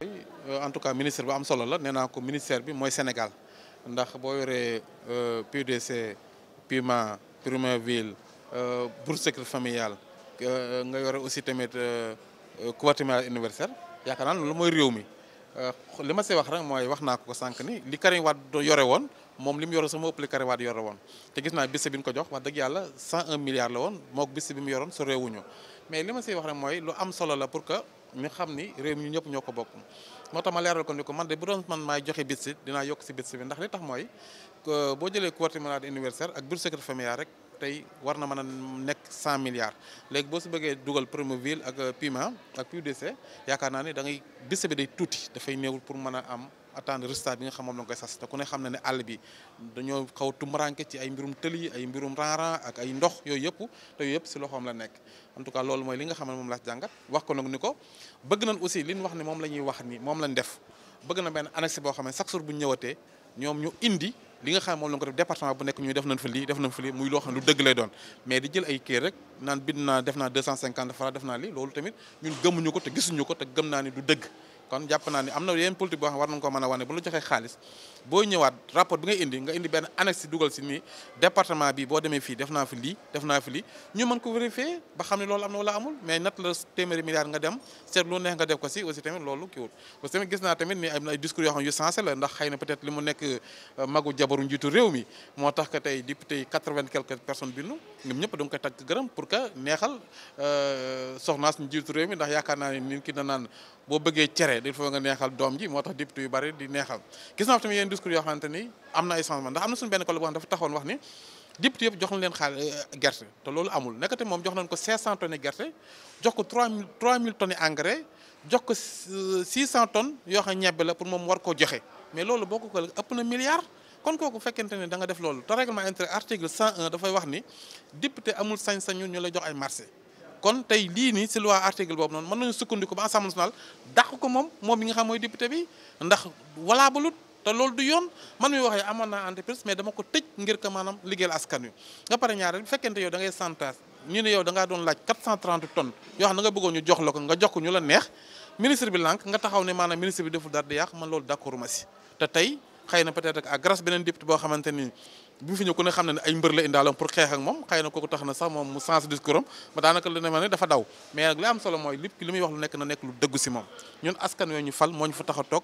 Euh, en tout cas ministre bu am solo la nee naa ko ministère bi mooy Sénégal ndax boo yoree euh, PUDC PUMA Primerville euh, bourse sécurité familiale nga yore aussi tamit couverture universelle yaakaar naa loolu mooy réew mi li ma see wax rek mooy wax naa ko sànq ni li Karim Wade yore woon moom li mu yore sax moo ëpp li woon te gis naa bés bi ko jox wax dëgg yàlla 101 milliards la woon mook bés bi mu yoroon so réewuñu mais li ma see wax rek mooy lu am solo la pour que ñu xam ni réew mi ñu ñëpp ñoo ko bokk moo tax ma leeral ko ni ko man de bu doon man maay joxe bit si dinaa yokk si bit bi ndax li tax mooy boo jëlee couverture maladie universelle ak bourse sécurité familiale rek tey war na mën a nekk cent milliards léegi boo si bëggee dugal Promoville ak euh, Pima ak UDC yaakaar naa ne da ngay bés bi day tuuti dafay néewul pour mën a am. attendre résultat bi nga xam moom la nga koy sas te ku ne xam na ne àll bi dañoo xaw tumuranke ci ay mbirum tëli ay mbirum ranran ak ay ndox yooyu yëpp te yooyu yëpp si loxoom la nekk en loolu mooy li nga xam ne moom laa jàngat wax ni ko bëgg la ñuy wax ni moom lañ bëgg na benn annexe boo xam ne chaque jour bu ñu ñëwatee ñoom ñu indi li nga xam moom la nga ko bu nekk ñu def nañ fa muy loo dëgg lay doon mais di jël ay kër rek naan bind naa def naa 250 francs def naa lii loolu tamit ñun gëmuñu ko te gisuñu ko kon jàpp naa am na yeneen politique boo xam war nañu ko mën a wane bu ñu joxee xaalis boo ñëwaat rapport bi ngay indi nga indi benn annexe si dugal si nii département bi boo demee fii def naa fi lii def naa fi lii ñu mën ko vérifier ba xam ne loolu am na wala amul mais nat la téeméeri milliards nga dem seet lu neex nga def ko si aussi tamit loolu kiiwul parce tamit gis naa tamit ni am na ay discours yoo xam yu sensé la ndax xëy na peut-être li mu nekk euh, magu jabaru njiitu réew mi moo tax que tey député yi quatre-vingt quelques personnes bindu ñoom ñëpp da nga koy tàgg gërëm pour que neexal euh, soxnaas njiitu réew mi ndax yaakaar naa ni nit ki danaan boo bëggee cere il faut nga neexal doom ji moo tax député yu bari di neexal gis naa tamit yeneen discours yoo xamante ni am na ay changement ndax am na suñu benn collègue boo xam dafa wax ni député yëpp eh, gerte te loolu amul nekkate moom jox nañ ko 500 tonnes gerte jox ko 3000 3000 tonnes engrais jox ko 600 euh, tonnes yoo xam ñebbe la pour moom war koo joxe mais loolu boo ko ko ëpp na milliard kon kooku fekkente ne da nga def loolu te règlement intérieur article 101 dafay wax ni député amul sañ-sañu ñu la jox ay marché kon tey lii nii si loi article boobu noonu mën nañu sukkandiku ba assemblée nationale dàq ko moom moom mi nga xam mooy député bi ndax walaa balut te loolu du yoon man mi waxee amoon naa entreprise mais dama ko tëj ngir que maanaam liggéeyal askan wi nga pare ñaareel bu fekkente yow da ngay santaas ñu ne yow da ngaa doon laaj 430 xam ne nga bëggoon ñu jox la ko nga jox ko ñu la neex ministre bi lànk nga taxaw ne maanaam ministre bi deful dara di yàq loolu d'accord si tey xay na peut-être à grâce beneen député boo xamante ni bi mu fi ñëw ku ne xam ne ay mbër la indaaloon pour xeex ak moom xëy na kooku tax na sax moom mu sens discours am daanaka lu nekk nekk lu dëggu si moom ñun askan yooyu ñu fal moo ñu fa tax a toog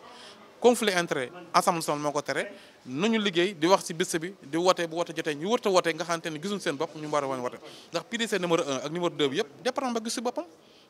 conflit intérêt ensemble national moo ko tere nañu liggéey di wax ci bés bi di wote bu wote jotee ñu wërta wote nga xamante ne gisuñ seen bopp ñu war a woon wote ndax PDC ak numéro 2 bi yëpp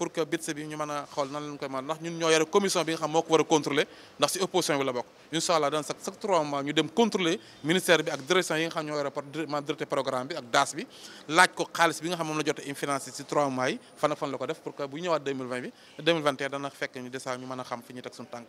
pour que bitse bi ñu mën a xool koy mën ndax ñun ñoo commission bi nga xam moko wara contrôler ndax ci opposition bi la bok inshallah dans chaque 3 mois ñu dem contrôler ministère bi ak direction yi nga xam ñoo yore ma directeur programme bi ak DAS bi laaj ko xaliss bi nga xam moom la jot a financé si trois mois yi fan ak fan la ko def pour que bu ñëwaat 2020 bi 2021 dana fekk ñu desaa ñu mëna xam fi ñu teg sun tank